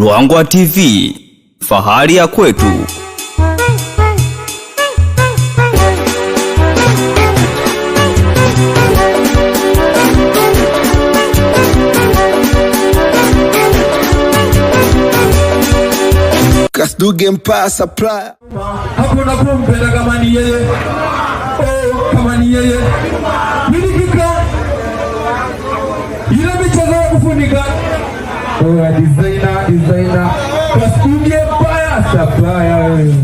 Ruangwa TV, fahari ya kwetu. Kasduge mpasa playa. Hakuna kumpenda kama ni yeye. Oh, kama ni yeye. Nilikika. Ile michezo ya kufunika Wewe designer, designer. Kasikumbie baya, sabaya wewe.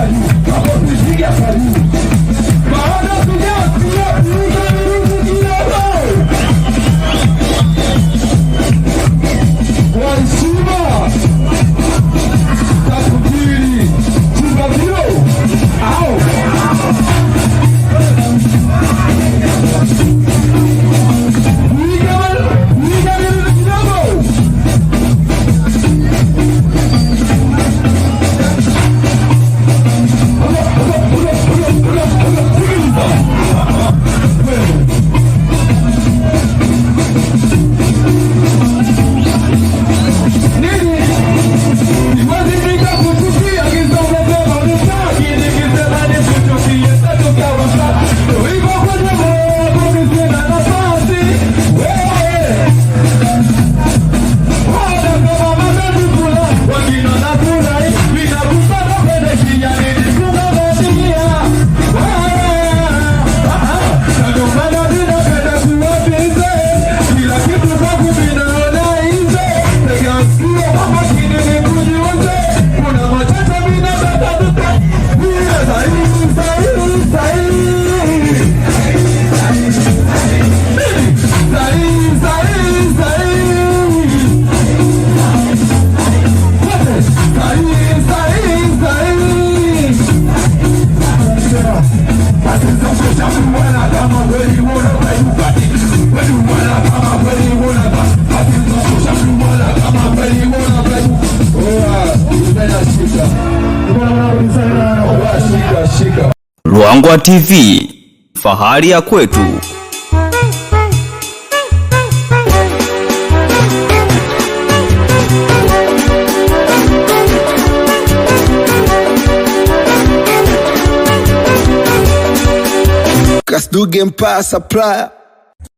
famille, ma Mlangwa TV, fahari ya kwetu. Kasduge mpasa supplier.